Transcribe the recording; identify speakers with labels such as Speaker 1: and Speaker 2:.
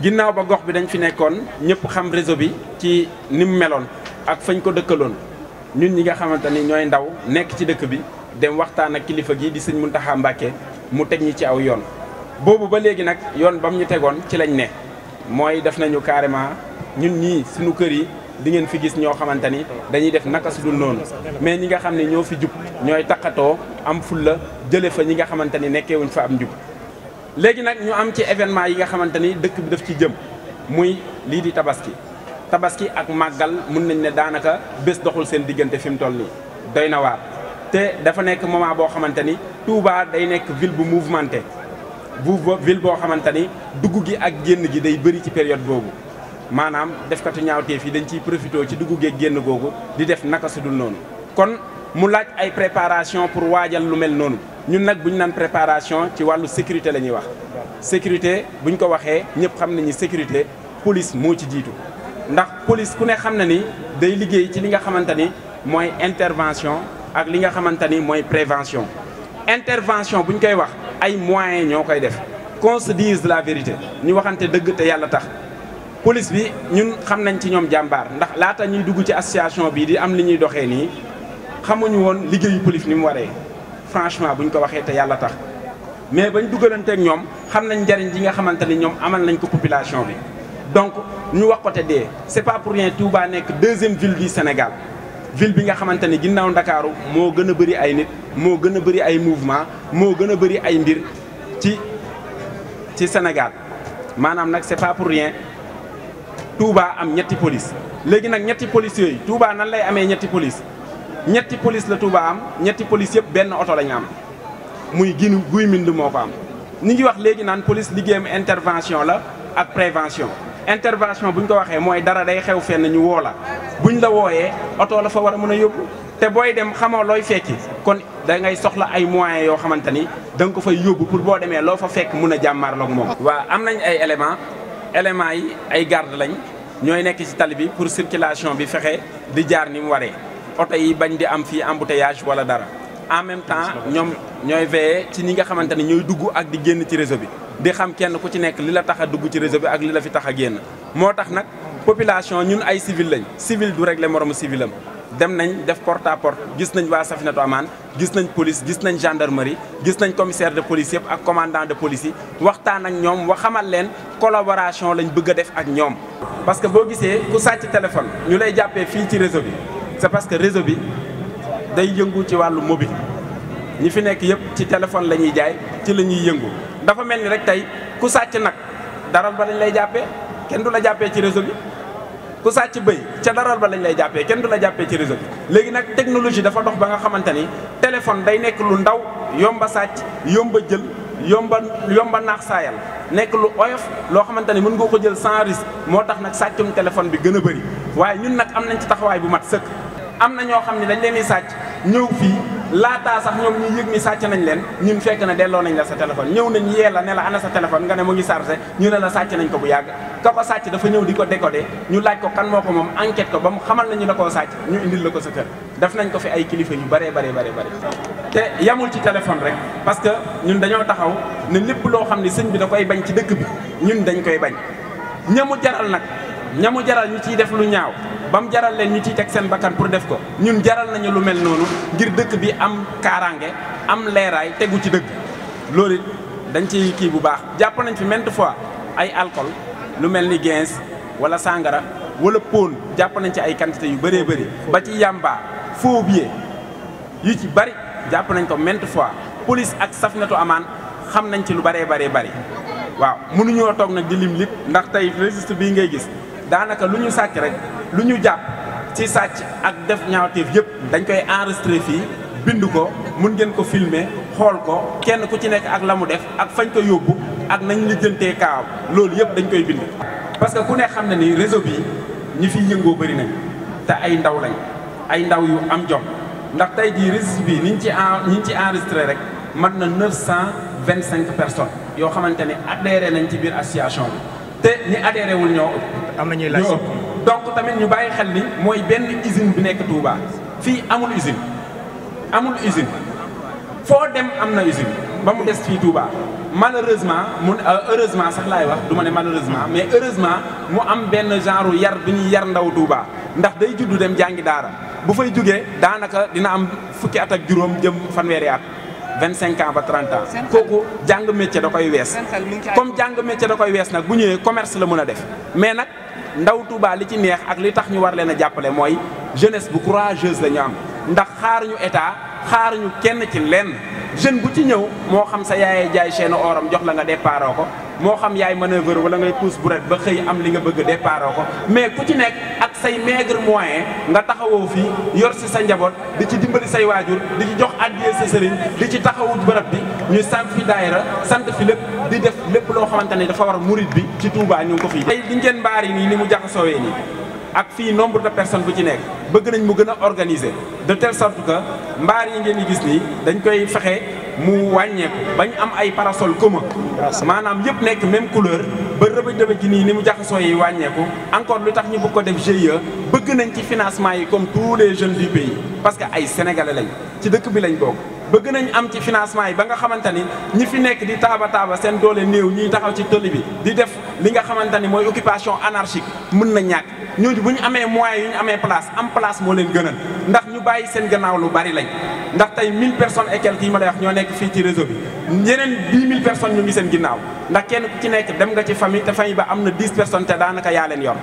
Speaker 1: ginnaaw ba gox bi dañ fi nekkoon ñëpp xam réseau bi ci ni mu meloon ak fañ ko dëkkaloon ñun ñi nga xamante ni ñooy ndaw nekk ci dëkk bi dem waxtaan ak kilifa gi di sëñ Muntaxa Mbàkke mu teg ñi ci aw yoon. boobu ba léegi nag yoon bam ñu tegoon ci lañ ne mooy def nañu carrément ñun ñii suñu kër yi di ngeen fi gis ñoo xamante ni dañuy def naka su dul noonu mais ñi nga xam ne ñoo fi jub ñooy taqatoo am fulla jële fa ñi nga xamante ni nekkee fa am njub. léegi nag ñu am ci événement yi nga xamante ni dëkk bi daf ci jëm muy lii di tabaski tabaski ak màggal mun nañ ne daanaka bés doxul seen diggante fi mu toll nii doy na waar te dafa nekk moment boo xamante ni Touba day nekk ville bu mouvementée bu ville boo xamante ni dugg gi ak génn gi day bëri ci période boobu maanaam defkatu ñaawteef yi dañ ciy profité ci dugg gee génn googu di def naka sudul noonu kon mu laaj ay préparation pour waajal lu mel noonu ñun nag bu ñu naan préparation ci wàllu sécurité la ñuy wax sécurité bu ñu ko waxee ñëpp xam nañu sécurité police moo ci jiitu ndax police ku ne xam na ni day liggéey ci li nga xamante ni mooy intervention ak li nga xamante ni mooy prévention intervention bu ñu koy wax ay moyens ñoo koy def qu'on se dise la vérité ñu waxante dëgg te yàlla tax police bi ñun xam nañ ci ñoom jàmbaar ndax laata ñuy dugg ci association bi di am li ñuy doxee nii xamuñu woon liggéeyu police ni mu waree franchement ñu ko waxee te yàlla tax mais bañ dugalanteeg ñoom xam nañ njariñ ji nga xamante ni ñoom amal nañ ko population bi donc ñu wax ko te dee c'est pas pour rien Touba nekk deuxième ville du Sénégal ville bi nga xamante ni ginnaaw Ndakaaru moo gën a bëri ay nit moo gën a bëri ay mouvement moo gën a bëri ay mbir ci ci Sénégal maanaam nag c'est pas pour rien Touba am ñetti police léegi nag ñetti police yooyu Touba nan lay amee ñetti police ñetti police la Touba am ñetti police yëpp benn oto la ñu am muy ginu guy mind moo ko am ñi ngi wax léegi naan police liggéeyam intervention la ak prévention intervention bu ñu ko waxee mooy dara day xew fenn ñu woo la buñ la wooyee oto la fa war a mën a yóbbu te booy dem xamoo looy fekk kon da ngay soxla ay moyens yoo xamante ni da nga ko fay yóbbu pour boo demee loo fa fekk mun a jàmmaarloog moom. waa am nañ ay éléments éléments yi ay garde lañ ñooy nekk ci tali bi pour circulation bi fexe di jaar ni mu waree. oto yi bañ di am fii embouteillage wala dara en même temps ñoom ñooy veillé ci ñi nga xamante ne ñooy dugg ak di génn ci réseau bi di xam kenn ku ci nekk li la tax a dugg ci réseau bi ak li la fi tax a génn moo tax nag population ñun ay civil lañ civil du régler moromu civil am dem nañ def porte porte gis nañ waa Safinatu Amaan gis nañ police gis nañ gendarmerie gis nañ commissaire de police yëpp ak commandant de police yi waxtaan ak ñoom wa xamal leen collaboration lañ bëgg def ak ñoom. parce que boo gisee ku sàcc téléphone ñu lay jàppee fii ci réseau bi. c'est parce que réseau bi day yëngu ci wàllu mobile ñi fi nekk yëpp ci téléphone la ñuy jaay ci la ñuy yëngu dafa mel ni rek tey ku sàcc nag daral ba lañ lay jàppee kenn du la jàppee ci réseau bi ku sàcc bëy ca daral ba lañ lay jàppee kenn du la jàppee ci réseau bi léegi nag technologie dafa dox ba nga xamante ni téléphone day nekk lu ndaw yomba sàcc yomba jël yomba yomba naax saayal nekk lu oyof loo xamante ni mën nga ko jël sans risque moo tax nag sàccum téléphone bi gën a bëri waaye ñun nag am nañ ci taxawaay bu mat sëkk am na ñoo xam ne dañ leen di sàcc ñëw fii laataa sax ñoom ñu yëg ni sàcc nañ leen ñun fekk na delloo nañ la sa téléphone ñëw nañ yee la ne la ana sa téléphone nga ne mu ngi chargé ñu ne la sàcc nañ ko bu yàgg ka sàcc dafa ñëw di ko décoder ñu laaj ko kan moo ko moom enquête ko ba mu xamal nañu la koo sàcc ñu indil la ko sa kër def nañ ko fi ay kilifa yu bare bëree bëri bëri te yamul ci téléphone rek parce que ñun dañoo taxaw ne lépp loo xam ne sëñ bi da koy bañ ci dëkk ñun dañ koy bañ ñamu jaral nag ñamu jaral ñu ciy def lu ñaaw ba mu jaral leen ñu ciy teg seen bakkan pour def ko ñun jaral nañu lu mel noonu ngir dëkk bi am kaarange am leeraay tegu ci dëgg loolu dañ ci kii bu baax jàpp nañ fi maintes fois ay alcool lu mel ni gens wala sàngara wala pon jàpp nañ ci ay quantité yu bëree bëri ba ci yàmba faux billets yu ci bari jàpp nañ ko maintes fois polis ak Safinatou amaan xam nañ ci lu bëree bëree bëri waaw mënuñoo toog nag di lim ndax tey registre bii ngay gis daanaka lu ñu sàcc rek lu ñu jàpp ci sàcc ak def ñaawteef yëpp dañ koy enregistré fii bind ko mun ngeen ko filmer xool ko kenn ku ci nekk ak la mu def ak fañ ko yóbbu ak nañ lijjantee kaaw loolu yëpp dañ koy bind. parce que ku ne xam ne ni réseau bi ñi fiy yëngoo bëri nañ te ay ndaw lañ ay ndaw yu am jom ndax tey jii réseau bi niñ ci en niñ ci enregistré rek mën na 925 personnes yoo xamante ni adhéré nañ ci biir association bi te ñi adhéré wul ñoo ko am na ñuy donc tamit ñu bàyyi xel ni mooy benn usine bi nekk tuubaa fii amul usine amul usine foo dem am na usine ba mu des fii Touba malheureusement mun euh, heureusement sax laay wax du ma ne malheureusement mais heureusement mu am benn genre yar bi ñuy yar ndaw Touba ndax day juddu dem jàngi daara bu fay jógee daanaka dina am fukki at ak juróom jëm fanweeri at. 25 ans ba 30 kooku jàng métier da koy wees comme jàng métier da koy wees nag bu ñëwee commerce la mën a def ndaw Touba li ci neex ak li tax ñu war leen a jàppale mooy jeunesse bu courageuse la ñu am ndax xaaruñu xaar ñu kenn ci lenn jeune bu ci ñëw moo xam sa yaayee jaay chaîne oram jox la nga départoo ko moo xam yaay manœuvre wala ngay pousse brouette ba xëy am li nga bëgg départoo ko mais ku ci nekk ak say maigre moyen nga taxawoo fii yor si sa njaboot di ci dimbali say waajur di ci jox addiya sa sëriñ di ci taxawut bërëb bi ñu sant fi daayira sant fi lépp di def lépp loo xamante ne dafa war a murit bi ci Touba ñu ngi ko fii tey di ngeen mbaar yi nii ni mu jaxasoowee nii ak fii nombre de personnes bu ci nekk bëgg nañ mu gën a organiser de telle sorte que mbaar yi ngeen di gis nii dañ koy fexe mu wàññeeku bañ am ay parasol commun maanaam yëpp nekk même couleur ba rëbëj rëbëj gi nii ni mu jaxasoo yi wàññeeku encore lu tax ñu bëgg ko def GIE bëgg nañ ci financement yi comme tous les jeunes du pays parce que ay sénégalais lañ ci dëkk bi lañ bokk bëgg nañ am ci financement yi ba nga xamante ni ñi fi nekk di taaba taaba seen doole néew ñuy taxaw ci tëli bi di def li nga xamante ni mooy occupation anarchique mën na ñàkk ñooñu bu ñu amee moyens yu ñu amee place am place moo leen gënal ndax ñu bàyyi seen gannaaw lu bari lañ ndax tey 1000 personnes et quelques yi ma lay wax ñoo nekk fii ci réseau bi yeneen 10 000 personnes ñu ngi seen ginnaaw ndax kenn ku ci nekk dem nga ci famille te famille ba am na 10 personnes te daanaka yaa leen